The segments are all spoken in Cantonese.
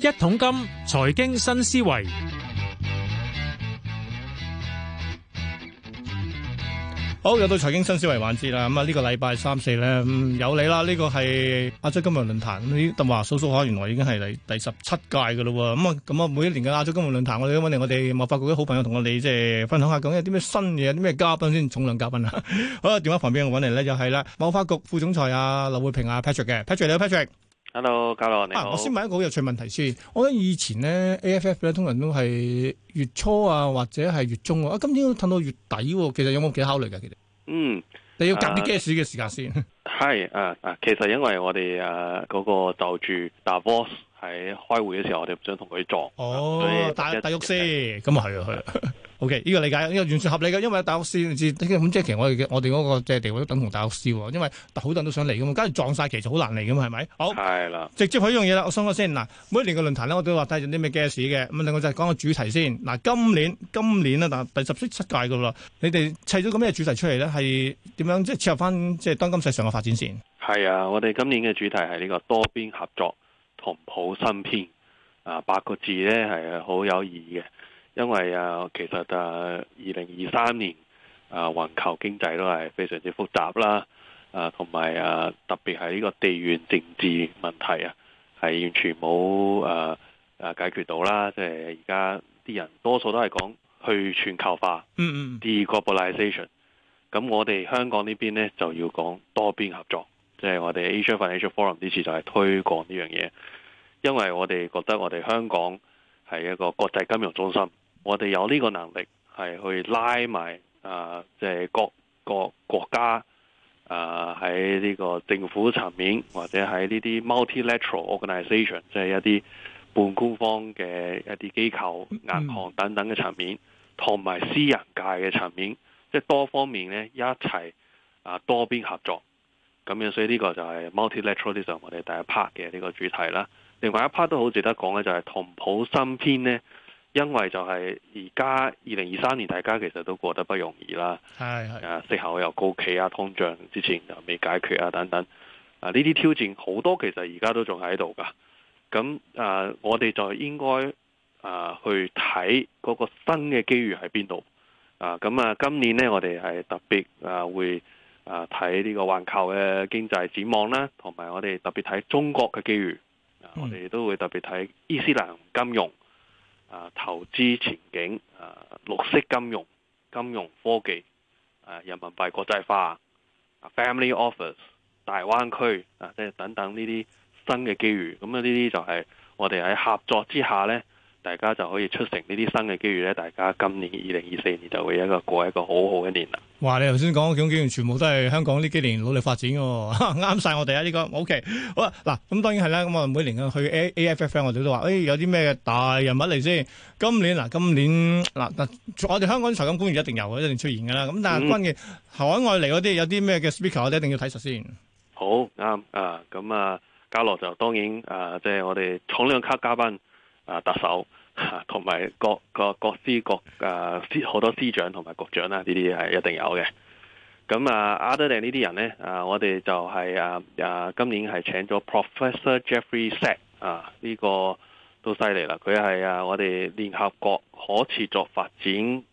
一桶金財經新思維，好又到財經新思維環節啦。咁、嗯、啊，這個、呢個禮拜三四咧有你啦。呢、這個係亞洲金融論壇，你話數數下，原來已經係第第十七屆噶咯。咁、嗯、啊，咁、嗯、啊，每一年嘅亞洲金融論壇，我哋都揾嚟我哋貿發局啲好朋友同我哋即係分享下，究竟有啲咩新嘢，有啲咩嘉賓先重量嘉賓啊。 好，電話旁邊我揾嚟咧，就係啦，貿發局副總裁啊劉會平啊 Patrick 嘅 Patrick 你好 Patrick。hello，嘉樂你好。我先問一個好有趣問題先，我覺得以前咧 AFF 咧通常都係月初啊或者係月中啊，啊今年都褪到月底，啊，其實有冇幾考慮嘅，啊？其實嗯，你要夾啲 c a 嘅時間先。係啊是啊，其實因為我哋誒嗰個就住 Davos 喺開會嘅時候，我哋唔想同佢撞。哦，Davos 先，咁啊係啊係。 O.K. 呢個理解，呢、這個完全合理嘅，因為大學師字咁即係其實我哋我哋嗰個即係地位都等同大學師喎，因為好多人都想嚟㗎嘛，假如撞晒，其實就好難嚟㗎嘛，係咪？好，係啦的。直接去一樣嘢啦，我想講先嗱，每年嘅論壇咧，我都話帶上啲咩嘅事嘅，咁另外就係講個主題先嗱，今年今年咧，但第十七屆嘅啦，你哋砌咗個咩主題出嚟咧？係點樣即係切入翻即係當今世上嘅發展先？係啊，我哋今年嘅主題係呢、這個多邊合作同譜新篇啊，八個字咧係好有意義嘅。因為啊，其實啊，二零二三年啊，環球經濟都係非常之複雜啦。啊，同埋啊，特別係呢個地緣政治問題啊，係完全冇啊,啊解決到啦。即係而家啲人多數都係講去全球化，嗯嗯，deglobalization。咁我哋香港這邊呢邊咧就要講多邊合作，即係我哋 Asia Financial Forum 呢次就係推廣呢樣嘢，因為我哋覺得我哋香港係一個國際金融中心。我哋有呢個能力係去拉埋啊，即係各各國家啊，喺呢個政府層面，或者喺呢啲 multilateral organization 即係一啲半官方嘅一啲機構、銀行等等嘅層面，同埋私人界嘅層面，即係多方面咧一齊啊多邊合作咁樣。所以呢個就係 multilateralism 呢度我哋第一 part 嘅呢個主題啦。另外一 part 都好值得講嘅就係《同普新篇》呢。因為就係而家二零二三年，大家其實都過得不容易啦。係啊，息口又高企啊，通脹之前就未解決啊，等等啊，呢啲挑戰好多，其實而家都仲喺度噶。咁啊，我哋就應該啊去睇嗰個新嘅機遇喺邊度啊。咁啊，今年呢，我哋係特別啊會啊睇呢個環球嘅經濟展望啦、啊，同埋我哋特別睇中國嘅機遇。嗯啊、我哋都會特別睇伊斯蘭金融。啊！投資前景，啊，綠色金融、金融科技，啊，人民幣國際化，Family Office，大灣區，啊，即係等等呢啲新嘅機遇，咁啊，呢啲就係我哋喺合作之下呢。大家就可以促成呢啲新嘅機遇咧，大家今年二零二四年就會一個過一個好好一年啦。哇！你頭先講嘅幾種機遇全部都係香港呢幾年努力發展嘅，啱晒我哋啊！呢個 O K。好啦，嗱，咁當然係啦，咁我每年去 A A F F，我哋都話誒，有啲咩大人物嚟先。今年嗱，今年嗱嗱，我哋香港財金官員一定有，一定出現噶啦。咁但係關鍵海外嚟嗰啲有啲咩嘅 speaker，我哋一定要睇實先。好啱啊！咁啊，嘉樂就當然啊，即係我哋重量級嘉賓。啊，特首同埋各個各司各誒司好多司長同埋局長啦，呢啲係一定有嘅。咁啊，阿德定呢啲人呢，啊、就係，我哋就係啊啊，今年係請咗 Professor Jeffrey Sachs 啊，呢、呢個都犀利啦。佢係啊，我哋聯合國可持續發展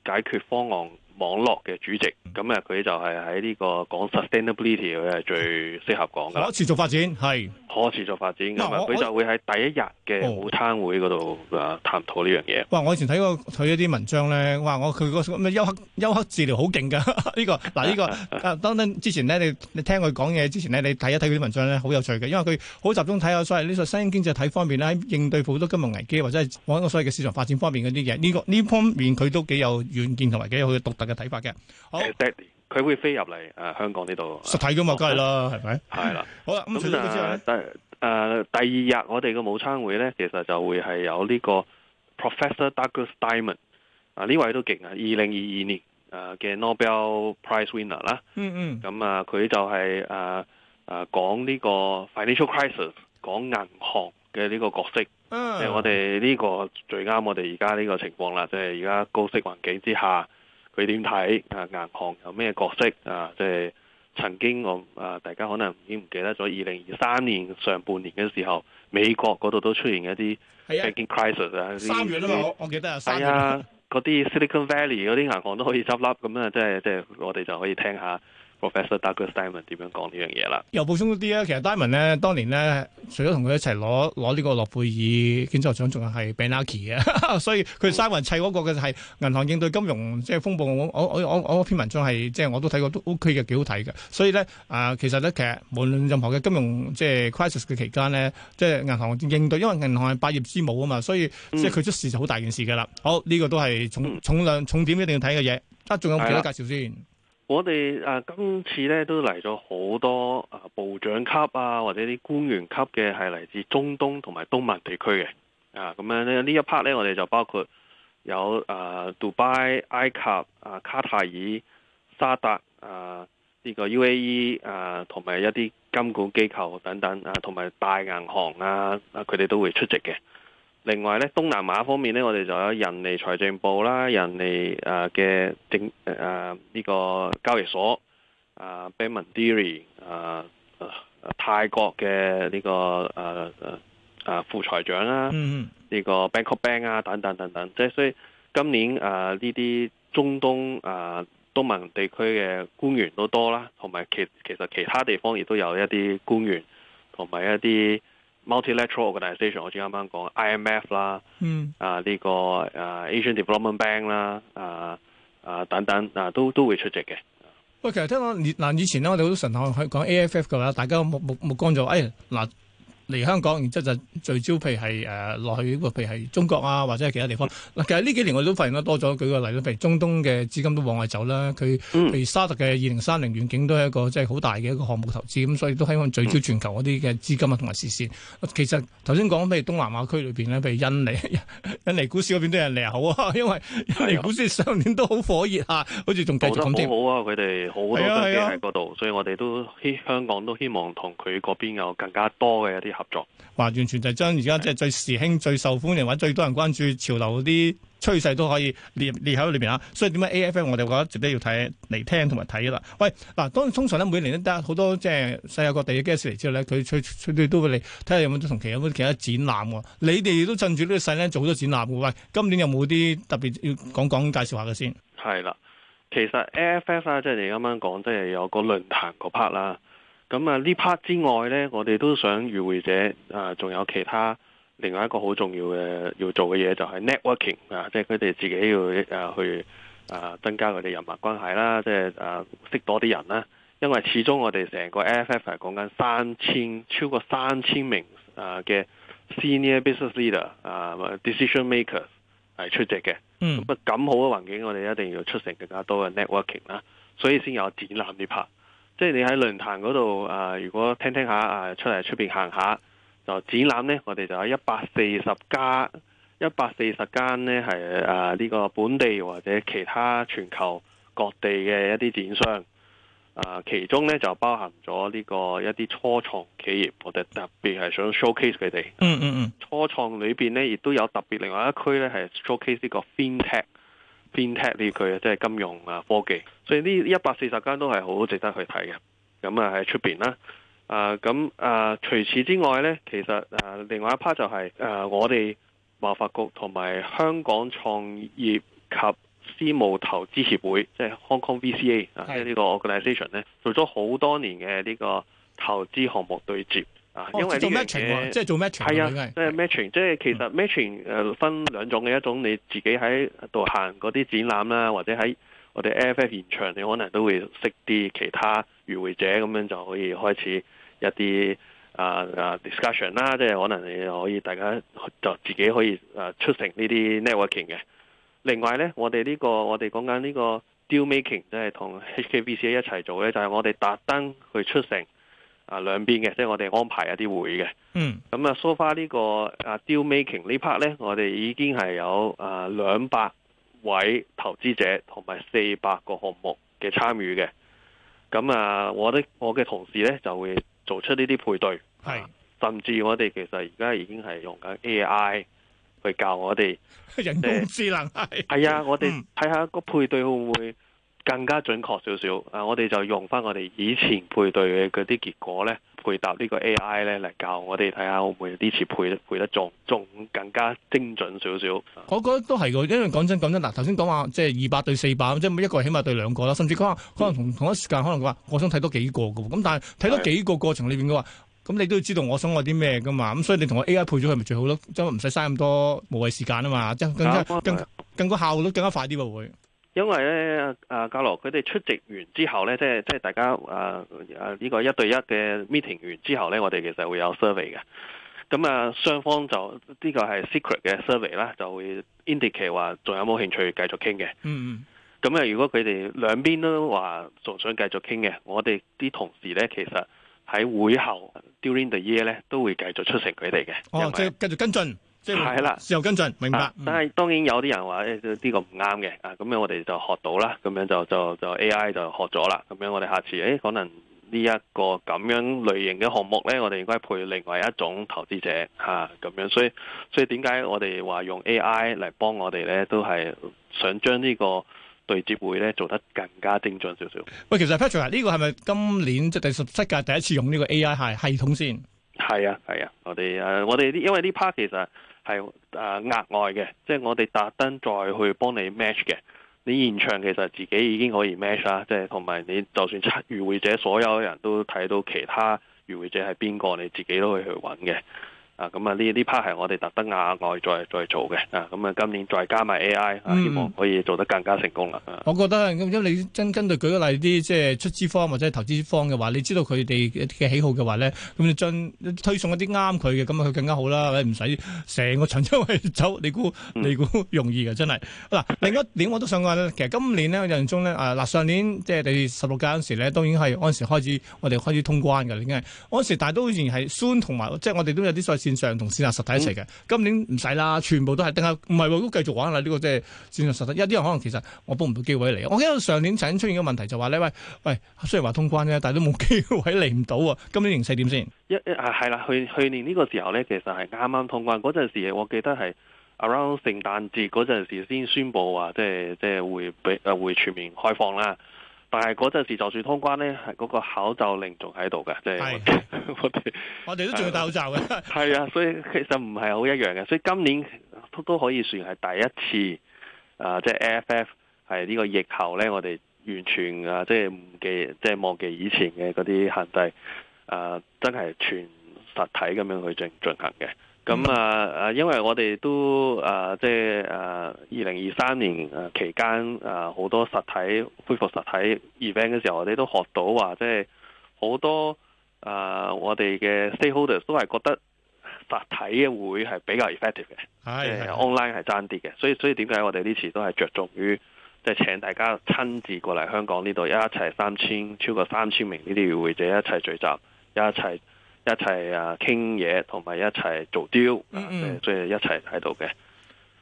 解決方案。網絡嘅主席，咁啊佢就係喺呢個講 sustainability 佢係最適合講嘅可持續發展係可持續發展嘅，佢就會喺第一日嘅午餐會嗰度啊探討呢樣嘢。哇！我以前睇過佢一啲文章咧，哇！我佢個咩休克休克治療好勁㗎呢個嗱呢、啊呢個 啊等之前咧你你聽佢講嘢之前咧你睇一睇佢啲文章咧好有趣嘅，因為佢好集中睇下所謂呢個新經濟體方面咧，喺應對好多金融危機或者係一嗰所謂嘅市場發展方面嗰啲嘢。呢、呢個呢方面佢都幾有遠見同埋幾有佢嘅獨特。嘅睇法嘅，好，佢、啊、會飛入嚟誒香港呢度，啊、實體噶嘛，梗係啦，係咪不？係、哎、啦，好啦，咁第誒第二日我哋嘅午餐會咧，其實就會係有呢個 Professor Douglas Diamond 啊，呢位都勁啊，二零二二年誒嘅 Nobel Prize Winner 啦，嗯嗯，咁啊，佢就係誒誒講呢個 financial crisis，講銀行嘅呢個角色，嗯、啊啊，我哋呢個最啱我哋而家呢個情況啦，即係而家高息環境之下。佢點睇啊？銀行有咩角色啊？即係曾經我啊，大家可能已經唔記得咗。二零二三年上半年嘅時候，美國嗰度都出現一啲 banking crisis 啊，三月啊嘛，我記得是啊，係啊，嗰啲 Silicon Valley 嗰啲銀行都可以執笠，咁啊，即係即係我哋就可以聽下。Professor Douglas Diamond 點樣講呢樣嘢啦？又補充啲啊！其實 Diamond 咧，當年咧，除咗同佢一齊攞攞呢個諾貝爾經濟獎，仲係 Bernanke 啊！ 所以佢 s 三 n 砌嗰個嘅係銀行應對金融即係、就是、風暴。我我我我篇文章係即係我都睇過，都 OK 嘅，幾好睇嘅。所以咧啊、呃，其實咧，其實無論任何嘅金融即係、就是、crisis 嘅期間咧，即、就、係、是、銀行應對，因為銀行係百業之母啊嘛，所以即係佢出事就好大件事嘅啦。好，呢、這個都係重、嗯、重量重點一定要睇嘅嘢。啊，仲有幾多介紹先？我哋啊今次咧都嚟咗好多啊部長級啊或者啲官員級嘅，係嚟自中東同埋東盟地區嘅啊，咁樣咧，呢一 part 咧我哋就包括有啊杜拜、埃及、啊卡塔爾、沙特啊呢、這個 UAE 啊同埋一啲金管機構等等啊同埋大銀行啊啊佢哋都會出席嘅。另外咧，東南亞方面咧，我哋就有人嚟財政部啦，人嚟誒嘅政誒呢個交易所啊 Bank Mandiri 啊啊泰國嘅呢、這個誒誒、呃呃、副財長啦、啊，呢、mm hmm. 個 Bangkok Bank 啊，等等等等，即係所以今年誒呢啲中東誒、呃、東盟地區嘅官員都多啦，同埋其其實其他地方亦都有一啲官員同埋一啲。multilateral 個 organisation，我之前啱啱講 IMF 啦，嗯，啊呢個啊 Asian Development Bank 啦，啊啊等等啊都都會出席嘅。喂，其實聽講，嗱以前咧，我哋好多神探去講 AFF 嘅話，大家目目目光就話，哎，嗱。嚟香港，然之後就聚焦，譬如係誒落去呢個譬如係中國啊，或者係其他地方。嗱、嗯，其實呢幾年我都發現得多咗，舉個例子譬如中東嘅資金都往外走啦。佢、嗯、譬如沙特嘅二零三零願景都係一個即係好大嘅一個項目投資，咁所以都希望聚焦全球嗰啲嘅資金啊，同埋視線。其實頭先講譬如東南亞區裏邊，咧，譬如印尼， 印尼股市嗰邊都有嚟啊，好啊，因為印尼股市上年都火熱好火熱啊，好似仲繼續咁好好啊，佢哋、啊、好多資金喺嗰度，啊啊、所以我哋都香港都希望同佢嗰邊有更加多嘅一啲。合作，哇！完全就係將而家即係最時興、的最受歡迎、或者最多人關注、潮流嗰啲趨勢都可以列列喺裏邊啊！所以點解 AFF 我哋覺得值得要睇嚟聽同埋睇啦？喂，嗱、啊，當然通常咧每年都得好多即係世界各地嘅 guest 嚟之後咧，佢去去都會嚟睇下有冇同其他有冇其他展覽喎、啊。你哋都趁住呢個勢咧做好多展覽嘅、啊、喂，今年有冇啲特別要講講介紹下嘅先？係啦，其實 AFF、啊就是就是、啦，即係你啱啱講，即係有個論壇嗰 part 啦。咁啊呢 part 之外咧，我哋都想與會者啊，仲、呃、有其他另外一個好重要嘅要做嘅嘢，就係、是、networking 啊、呃，即係佢哋自己要誒去誒增加佢哋人脈關係啦，即係誒、呃、識多啲人啦。因為始終我哋成個 AFF 係講緊三千超過三千名啊嘅、呃、senior business leader 啊、呃、decision makers 係出席嘅。嗯。咁咁好嘅環境，我哋一定要出成更加多嘅 networking 啦，所以先有展覽呢 part。即係你喺論壇嗰度如果聽聽一下啊，出嚟，出邊行下就展覽呢。我哋就有一百四十家一百四十間呢係啊呢個本地或者其他全球各地嘅一啲展商、呃、其中呢就包含咗呢個一啲初創企業，我哋特別係想 showcase 佢哋。嗯嗯嗯。初創裏邊呢亦都有特別另外一區呢係 showcase 呢個 FinTech。Fintech 呢句啊？即係金融啊、科技，所以呢一百四十間都係好值得去睇嘅。咁啊喺出邊啦？啊咁啊,啊，除此之外呢其實啊，另外一 part 就係、是、誒、啊、我哋貿發局同埋香港創業及私募投資協會即係 Hong Kong VCA 是的 啊，這個、呢個 organization 呢做咗好多年嘅呢個投資項目對接。.啊，哦、因為呢的即係做 match，係啊，即係 match，即係其實 match 誒、嗯呃、分兩種嘅一種，你自己喺度行嗰啲展覽啦，或者喺我哋 AFF 現場，你可能都會識啲其他與會者，咁樣就可以開始一啲啊啊 discussion 啦，即係可能你可以大家就自己可以出成呢啲 networking 嘅。另外咧，我哋呢、這個我哋講緊呢個 deal making，即係同 HKBC 一齊做咧，就係、是、我哋特登去出成。啊，兩邊嘅，即係我哋安排一啲會嘅。嗯。咁啊，So far 呢個啊 deal making 呢 part 咧，我哋已經係有啊兩百位投資者同埋四百個項目嘅參與嘅。咁啊，我的我嘅同事咧就會做出呢啲配對，係是、啊。甚至我哋其實而家已經係用緊 AI 去教我哋。人工智能係。呃、啊，嗯、我哋睇下個配對會唔會更加準確少少，啊，我哋就用翻我哋以前配對嘅嗰啲結果咧，配搭呢個 A I 咧嚟教我哋睇下會唔會呢次配配得中，仲更加精準少少。我覺得都係嘅，因為講真講真，嗱頭先講話即係二百對四百，即係一個起碼對兩個啦，甚至可能、嗯、可能同同一時間可能佢話我想睇多幾個嘅，咁但係睇多幾個過程裏面嘅話，咁是你都要知道我想我啲咩㗎嘛，咁所以你同我 A I 配咗佢咪最好咯，即係唔使嘥咁多無謂時間啊嘛，即更加、嗯、更更加效率更加快啲會。因為咧，阿嘉樂佢哋出席完之後咧，即係即係大家，誒、啊、誒，呢個一對一嘅 meeting 完之後咧，我哋其實會有 survey 嘅。咁啊，雙方就呢個係 secret 嘅 survey 啦，就會 indicate 話仲有冇興趣繼續傾嘅。嗯嗯。咁啊，如果佢哋兩邊都話仲想繼續傾嘅，我哋啲同事咧，其實喺會後 during the year 咧，都會繼續促成佢哋嘅。哦，為即係繼續跟進。即係啦，係事後跟進，了明白。啊、但係當然有啲人話誒，呢、欸呢個唔啱嘅。啊，咁樣我哋就學到啦，咁樣就就就 A I 就學咗啦。咁樣我哋下次誒、欸，可能呢、呢、一個咁樣類型嘅項目咧，我哋應該配另外一種投資者嚇咁、啊、樣。所以所以點解我哋話用 A I 嚟幫我哋咧，都係想將呢個對接會咧做得更加精準少少。喂，其實 Patrick 呢、啊呢個係咪今年即係第十七屆第一次用呢個 A I 係系統先？係啊，係啊，我哋誒、啊，我哋啲因為呢 part 其實。係誒額外嘅，即係我哋特登再去幫你 match 嘅。你現場其實自己已經可以 match 啦，即係同埋你就算參與會者，所有人都睇到其他與會者係邊個，你自己都可以去揾嘅。啊，咁啊呢 part 係我哋特登亞外再再做嘅，啊咁啊今年再加埋 A.I. 啊、嗯，希望可以做得更加成功啦。我覺得，咁如你真針對舉個例啲，即係出資方或者投資方嘅話，你知道佢哋嘅喜好嘅話咧，咁就將推送一啲啱佢嘅，咁佢更加好啦，唔使成個場因去走你估、嗯、你估容易嘅，真係。嗱、啊、另一點我都想講呢。 其實今年呢，印象中咧啊，嗱上年即係第十六屆嗰陣時咧，當然係嗰陣時開始我哋開始通關㗎。已經係嗰陣時都，都仍然係酸同埋，即係我哋都有啲綫上同綫下實體一齊嘅。嗯、今年唔使啦，全部都係，等下唔係都繼續玩啦。呢、這個即係綫上實體，一啲人可能其實我幫唔到機會嚟。我記得上年曾經出現嘅問題就話咧，喂喂，雖然話通關啫，但係都冇機會嚟唔到啊。今年形勢點先？一係啦，去去年呢個時候咧，其實係啱啱通關嗰陣時，我記得係 around 聖誕節嗰陣時先宣布話，即係即係會俾誒會全面開放啦。但係嗰陣時就算通關咧，係、那、嗰個口罩令仲喺度嘅，即係我哋，我哋都仲要戴口罩嘅。係啊，所以其實唔係好一樣嘅。所以今年都都可以算係第一次，啊、呃，即係 AFF 係呢個疫後咧，我哋完全啊，即係唔記，即係忘記以前嘅嗰啲限制，啊、呃，真係全實體咁樣去進進行嘅。咁啊、嗯嗯、因為我哋都啊、呃，即係啊，二零二三年期間啊，好、呃、多實體恢復實體 event 嘅時候，我哋都學到話即係好多啊、呃，我哋嘅 stakeholders 都係覺得實體嘅會係比較 effective 嘅，係 online 係爭啲嘅，所以所以點解我哋呢次都係着重於即係請大家親自過嚟香港呢度，一齊三千超過三千名呢啲與會者一齊聚集，一齊。一齊啊傾嘢，同埋一齊做 deal，即係一齊喺度嘅。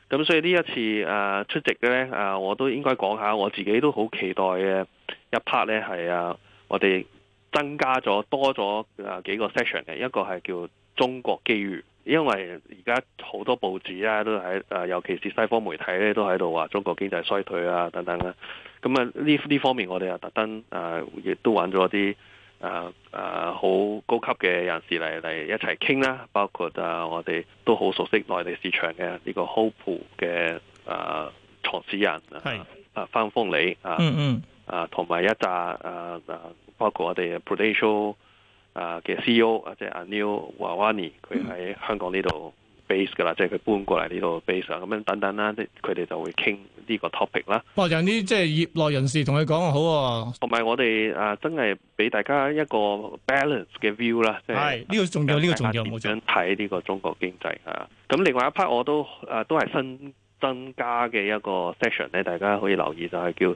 咁、啊、所以呢一,一次、啊、出席嘅咧我都應該講下，我自己都好期待嘅一 part 咧係啊，我哋增加咗多咗幾個 session 嘅，一個係叫中國機遇，因為而家好多報紙啊都喺，尤其是西方媒體咧都喺度話中國經濟衰退啊等等啦。咁啊呢呢方面我哋啊特登啊亦都玩咗一啲。啊啊！好、啊、高級嘅人士嚟嚟一齊傾啦，包括啊，我哋都好熟悉內地市場嘅呢個 Hope 嘅啊，創始人係是啊，翻風裏啊，嗯嗯啊，同埋一扎啊啊，包括我哋 Prudential 嘅 CEO 啊，即係 Anil Wadhwani，佢喺香港呢度。嗯 base 噶啦，即係佢搬過嚟呢度 base 咁樣等等啦，啲佢哋就會傾呢個 topic 啦。哇，有啲即係業內人士同佢講好好，啊，同埋我哋啊，真係俾大家一個 balance 嘅 view 啦。係、就是，呢、呢個重要，呢個重要冇錯，我想睇呢個中國經濟啊。咁另外一 part 我都啊都係新增加嘅一個 section 咧，大家可以留意就係叫。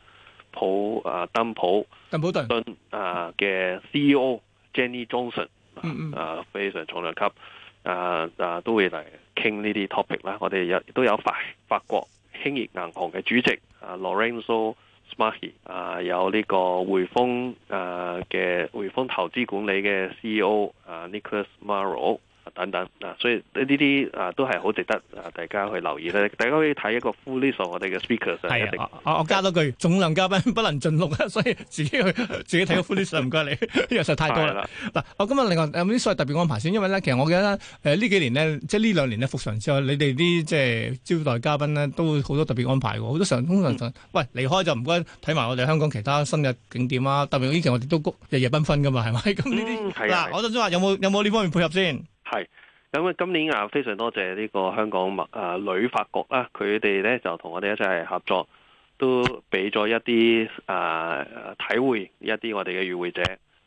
普啊，鄧普，鄧普頓啊嘅 C E O Jenny Johnson 嗯嗯啊，非常重量級啊啊，都會嚟傾呢啲 topic 啦。我哋有都有法法國興業銀行嘅主席啊，Lorenzo Bini Smaghi 啊，有呢個匯豐啊嘅匯豐投資管理嘅 C E O 啊，Nicolas Moreau。等等嗱，所以呢啲啊都係好值得啊大家去留意咧。大家可以睇一個 full list 我哋嘅 speakers 係啊，我加多句，總量嘉賓不能盡錄，所以自己去自己睇個 full list 唔該你，因為實在太多啦。嗱，我今日另外有冇啲所謂特別安排先？因為咧，其實我記得誒呢幾年咧，即係呢兩年咧復常之後，你哋啲即係招待嘉賓咧都好多特別安排，好多常通常喂離開就唔該睇埋我哋香港其他新嘅景點啊。特別呢期我哋都日夜繽紛噶嘛，係咪咁呢啲？嗱，我都想話有冇有冇呢方面配合先？係，咁啊，今年啊，非常多謝呢個香港物、呃、啊旅發局啦，佢哋咧就同我哋一齊合作，都俾咗一啲啊、呃、體會一啲我哋嘅與會者，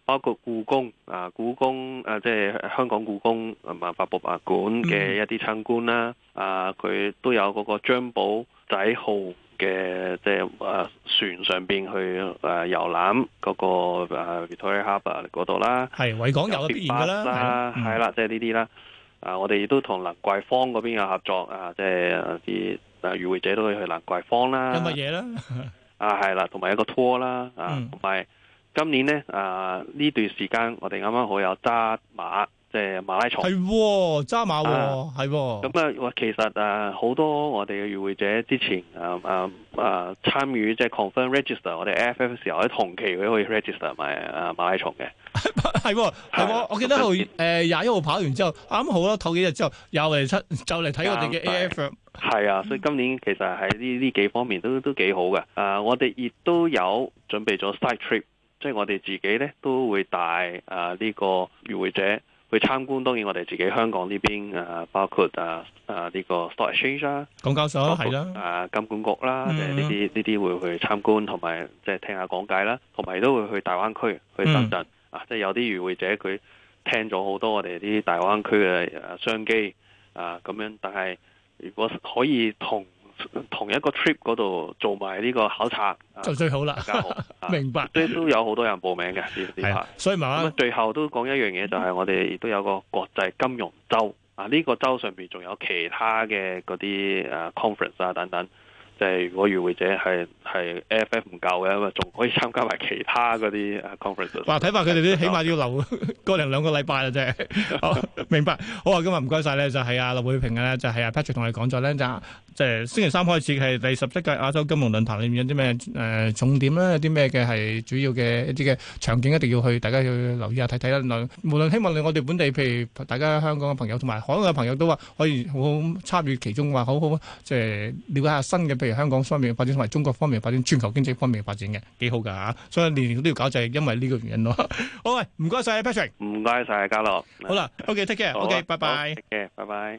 包括故宮啊，故宮啊，即係香港故宮文化博物館嘅一啲參觀啦，啊，佢、呃 mm hmm. 啊、都有嗰個張保仔號。嘅即係誒船上邊去誒遊覽嗰，那個 Victoria Harbour 嗰度啦，係維港遊也有嘅必然啦，係啦，啊，即係呢啲啦。啊，我哋亦都同蘭桂坊嗰邊有合作啊，即係啲誒與會者都可以去蘭桂坊啦。有乜嘢咧？ 啊，係啦，同埋一個 tour 啦，啊，同埋、嗯、今年呢，啊呢段時間，我哋啱啱好有紮馬。即係馬拉松係揸、哦、馬、哦，係咁啊！哇，哦嗯，其實啊，好多我哋嘅與會者之前啊啊啊參與即係、就是、confirm register，我哋 AFF 嘅時候喺同期可以 register 埋，啊馬拉松嘅係，係我我記得我誒廿一號跑完之後啱好啦，唞幾日之後又嚟出就嚟睇我哋嘅 AFF 係啊，所以今年其實喺呢呢幾方面都都幾好嘅。嗯、啊，我哋亦都有準備咗 side trip，即係我哋自己咧都會帶啊呢、這個與會者。去參觀，當然我哋自己香港呢邊啊，包括啊啊呢個 Stock Exchange 啦，港交所係啦，啊金管局啦，誒呢啲呢啲會去參觀，同埋即係聽下講解啦，同埋都會去大灣區去深圳、嗯、啊，即、就、係、是、有啲與會者佢聽咗好多我哋啲大灣區嘅誒商機啊咁樣，但係如果可以同。同一個 trip 嗰度做埋呢個考察就最好啦，好 明白都、啊、都有好多人報名嘅、啊、所以嘛，最後都講一樣嘢，就係、是、我哋亦都有個國際金融周啊！呢、這個周上邊仲有其他嘅嗰啲誒 conference 啊等等，即、就、係、是、如果與會者係係 FF 唔夠嘅咁仲可以參加埋其他嗰啲誒 conference。哇！睇怕佢哋啲起碼要留過零兩個禮拜啦即係，明白好謝謝、就是、啊！今日唔該晒咧，就係阿劉會平咧，就係阿 Patrick 同你講咗咧就。即係星期三開始係第十七屆亞洲金融論壇，裏面有啲咩、呃、重點咧、啊？有啲咩嘅係主要嘅一啲嘅場景一定要去，大家要留意一下睇睇啦。無論希望你我哋本地譬如大家香港嘅朋友同埋海外嘅朋友都話可以好好參與其中、啊，話好好即係了解下新嘅，譬如香港方面發展同埋中國方面發展、全球經濟方面發展嘅，幾好㗎、啊、所以年年都要搞就係因為呢個原因咯 好。謝謝謝謝好，好，唔該晒 Patrick，唔該晒，家樂。好啦，OK，take care，OK，拜拜，OK，拜拜。